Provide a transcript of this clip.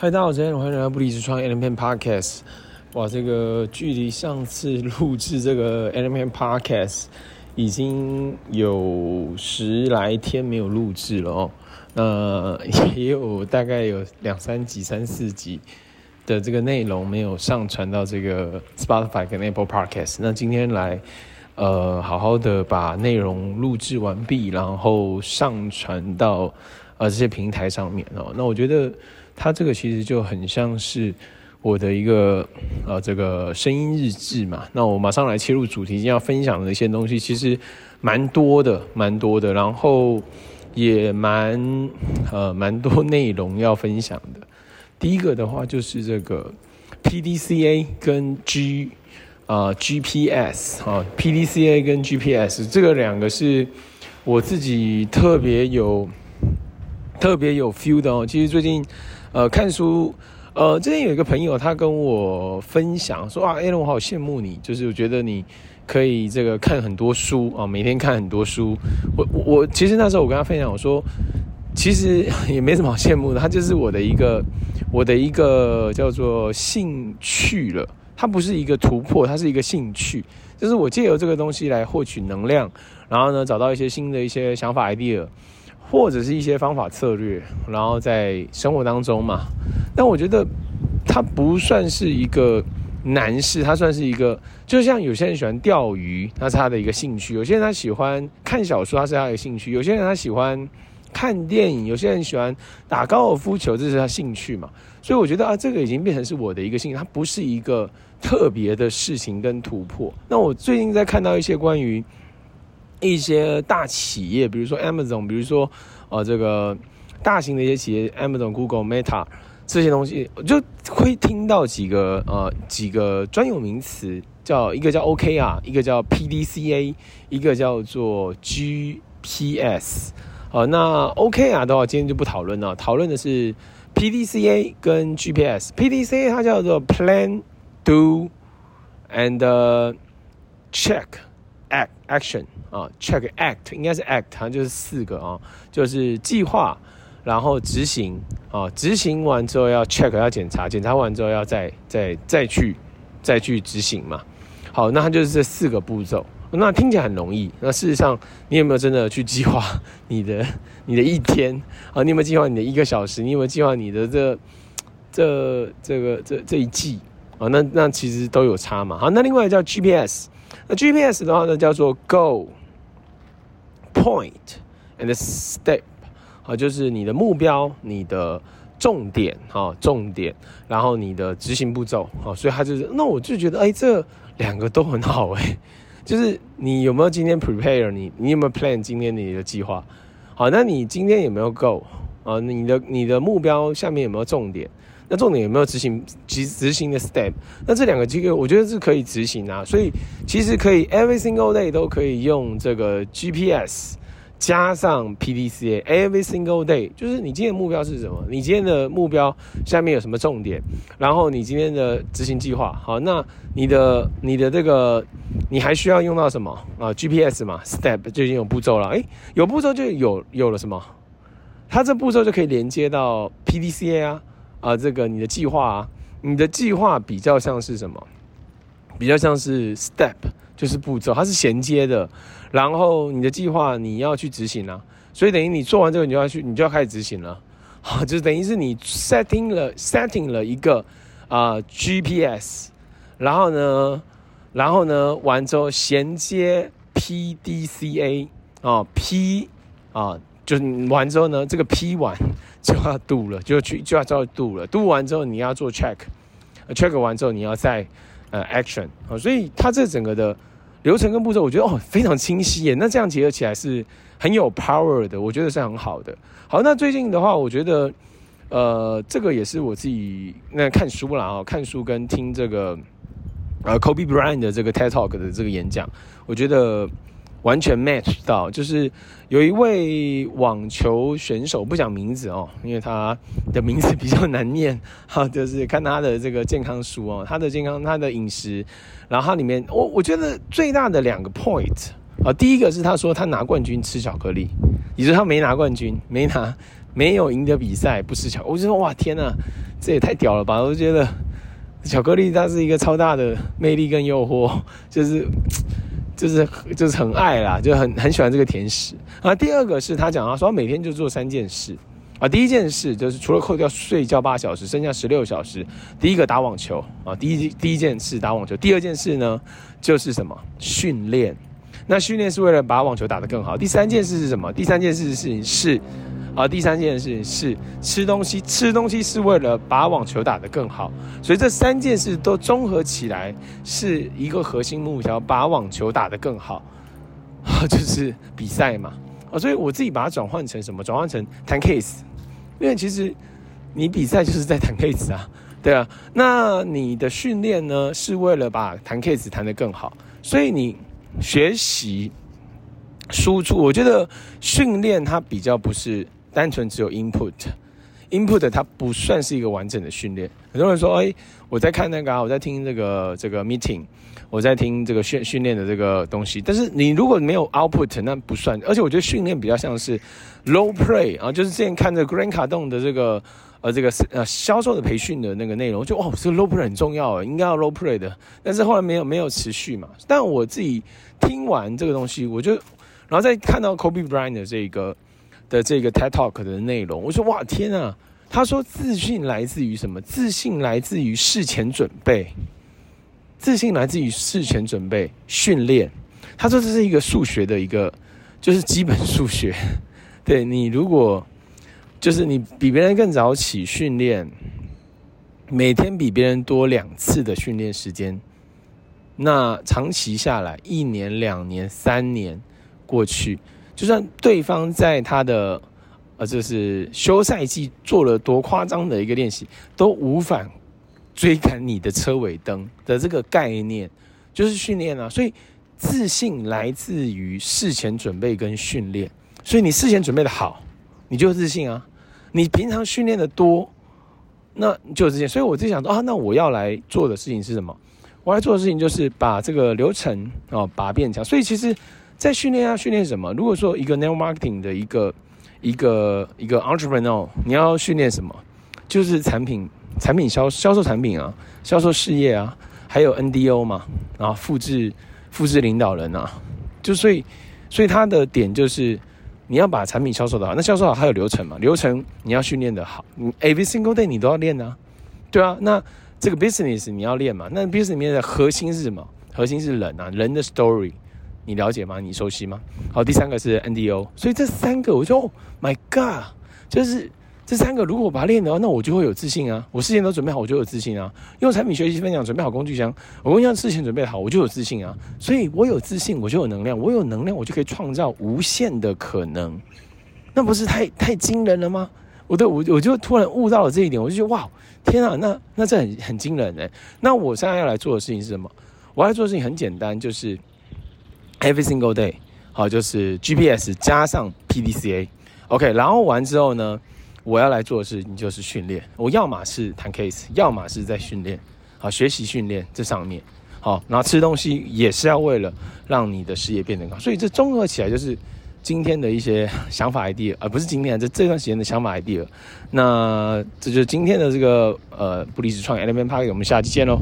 嗨，大家好，今天歡迎回來《家不離職創業》Allen Peng Podcast。哇，這個距離上次錄製這個 Allen Peng Podcast 已經有十來天沒有錄製了哦，那、呃、也有大概有兩三集、三四集的這個內容沒有上傳到這個 Spotify 和 Apple Podcast。那今天來，呃，好好的把內容錄製完畢，然後上傳到呃這些平台上面哦、喔。那我覺得。它這個其實就很像是我的一個呃，這個聲音日誌嘛。那我馬上來切入主題，要分享的一些東西其實蠻多的，蠻多的，然後也蠻呃蠻多內容要分享的。第一個的話就是這個 PDCA 跟 G、呃、GPS，啊 GPS 啊 PDCA 跟 GPS 這個兩個是我自己特別有特別有 feel 的哦。其實最近。呃，看書，呃，之前有一個朋友，他跟我分享說啊，艾倫，我好羨慕你，就是我覺得你可以這個看很多書啊，每天看很多書。我我其實那時候我跟他分享，我說其實也沒什麼好羨慕的，他就是我的一個我的一個叫做興趣了，他不是一個突破，他是一個興趣，就是我借由這個東西來獲取能量，然後呢，找到一些新的一些想法 idea。或者是一些方法策略，然後在生活當中嘛，但我覺得他不算是一個難事，他算是一個，就像有些人喜歡釣魚，那是他的一個興趣；有些人他喜歡看小說，他是他的興趣；有些人他喜歡看電影，有些人喜歡打高爾夫球，這是他興趣嘛。所以我覺得啊，這個已經變成是我的一個興趣，它不是一個特別的事情跟突破。那我最近在看到一些關於。一些大企業，比如說 Amazon，比如說呃這個大型的一些企業，Amazon、Google、Meta 這些東西，就會聽到幾個呃幾個專有名詞，叫一個叫 OKR，一個叫 PDCA，一個叫做 GPS。呃那 OKR 的話，今天就不討論了。討論的是 PDCA 跟 GPS。PDCA 它叫做 Plan、Do and、uh, Check。Act Action 啊、uh,Check Act 應該是 act，好像就是四個啊，uh, 就是計劃，然後執行啊，uh, 執行完之後要 check 要檢查，檢查完之後要再再再去再去執行嘛。好，那它就是這四個步驟。Oh, 那聽起來很容易，那事實上你有沒有真的去計劃你的你的一天啊？Oh, 你有沒有計劃你的一個小時？你有沒有計劃你的這這這個這個、這一季啊？Oh, 那那其實都有差嘛。好，那另外叫 GPS。那 GPS 的話呢，叫做 Go Point and Step，好，就是你的目標、你的重點哈，重點，然後你的執行步驟，好，所以他就是，那我就覺得，哎、欸，這兩個都很好哎、欸，就是你有沒有今天 prepare 你，你有沒有 plan 今天你的計劃，好，那你今天有沒有 Go 啊？你的你的目標下面有沒有重點？那重點有沒有執行執執行的 step？那這兩個機構我覺得是可以執行啊，所以其實可以 every single day 都可以用這個 GPS 加上 PDCA。every single day 就是你今天的目標是什麼？你今天的目標下面有什麼重點？然後你今天的執行計劃好，那你的你的這個你還需要用到什麼啊？uh，GPS 嘛，step 就已經有步驟了。誒、欸，有步驟就有有了什麼？它這步驟就可以連接到 PDCA 啊。啊、呃，這個你的計劃，啊，你的計劃比較像是什麼？比較像是 step，就是步驟，它是銜接的。然後你的計劃，你要去執行啊，所以等於你做完這個，你就要去，你就要開始執行了。好，就是等於是你 setting 了 setting 了一個啊、呃、GPS，然後呢，然後呢完之後銜接 PDCA 啊、呃、P 啊、呃，就是完之後呢，這個 P 完。就要 do 了，就要去就要就 do 了，do 完之後你要做 check，check、呃、check 完之後你要再呃 action。好，所以它這整個的流程跟步驟，我覺得哦非常清晰耶。那這樣結合起來是很有 power 的，我覺得是很好的。好，那最近的話，我覺得呃這個也是我自己那看書啦啊，看書跟聽這個呃 Kobe Bryant 的這個 TED Talk 的這個演講，我覺得。完全 match 到，就是有一位網球選手，不講名字哦、喔，因為他的名字比較難念。哈、啊，就是看他的這個健康書哦、喔，他的健康，他的飲食，然後他裡面，我我覺得最大的兩個 point 啊，第一個是他說他拿冠軍吃巧克力，你說他沒拿冠軍，沒拿，沒有贏得比賽不吃巧克力，我就說哇天吶、啊，這也太屌了吧！我就覺得巧克力它是一個超大的魅力跟誘惑，就是。就是就是很愛啦，就很很喜歡這個甜食啊。第二個是他講啊，說他每天就做三件事啊。第一件事就是除了扣掉睡覺八小時，剩下十六小時，第一個打網球啊。第一第一件事打網球，第二件事呢就是什麼？訓練，那訓練是為了把網球打得更好。第三件事是什麼？第三件事事情是，是啊，第三件事是吃東西，吃東西是為了把網球打得更好，所以這三件事都綜合起來是一個核心目標，把網球打得更好，啊，就是比賽嘛，啊，所以我自己把它轉換成什麼？轉換成談 case，因為其實你比賽就是在談 case 啊，對啊，那你的訓練呢是為了把談 case 談得更好，所以你學習輸出，我覺得訓練它比較不是。單純只有 input，input input 它不算是一個完整的訓練。很多人說：“哎、欸，我在看那個啊，我在聽這個這個 meeting，我在聽這個訓訓練的這個東西。”但是你如果沒有 output，那不算。而且我覺得訓練比較像是 role play，啊，就是之前看着 Grand Cardone 的這個呃、啊、這個呃、啊、銷售的培訓的那個內容，就哦，這個 role play 很重要，應該要 role play 的。但是後來沒有沒有持續嘛。但我自己聽完這個東西，我就然後再看到 Kobe Bryant 的這個。的這個 TED Talk 的內容，我說哇天啊！他說自信來自於什麼？自信來自於事前準備，自信來自於事前準備訓練。他說這是一個數學的一個，就是基本數學。對，你如果就是你比別人更早起訓練，每天比別人多兩次的訓練時間，那長期下來，一年、兩年、三年過去。就算對方在他的，呃、啊，就是休賽季做了多誇張的一個練習，都無法追趕你的車尾燈的這個概念，就是訓練啊。所以自信來自於事前準備跟訓練。所以你事前準備得好，你就自信啊。你平常訓練得多，那就有自信。所以我就想說啊，那我要來做的事情是什麼？我要做的事情就是把這個流程哦，把、啊、變強。所以其實。在訓練啊，訓練什麼？如果說一個 network marketing 的一個一個一個 entrepreneur，你要訓練什麼？就是產品、產品銷銷售產品啊，銷售事業啊，還有 NDO 嘛，然後複製複製領導人啊，就所以所以他的點就是你要把產品銷售的好，那銷售好還有流程嘛，流程你要訓練的好，你 every single day 你都要練啊，對啊，那這個 business 你要練嘛，那 business 裡面的核心是什麼？核心是人啊，人的 story。你了解嗎？你熟悉嗎？好，第三個是 N D O，所以這三個，我就 Oh my God，就是這三個，如果我把它練的話，那我就會有自信啊！我事先都準備好，我就有自信啊！用產品學習分享，準備好工具箱，我工具箱事先準備好，我就有自信啊！所以我有自信，我就有能量，我有能量，我就可以創造無限的可能，那不是太太驚人了嗎？我我我就突然悟到了這一點，我就覺得哇，天啊，那那這很很驚人哎、欸！那我現在要來做的事情是什麼？我要做的事情很簡單，就是。Every single day，好，就是 GPS 加上 PDCA，OK，OK，然後完之後呢，我要來做的事，你就是訓練，我要麼是談 case，要麼是在訓練，好，學習訓練這上面，好，然後吃東西也是要為了讓你的事業變得更好，所以這綜合起來就是今天的一些想法 idea，而、呃、不是今天這這段時間的想法 idea，那這就是今天的這個呃不離職創業 Lemon Party，我們下期見嘍。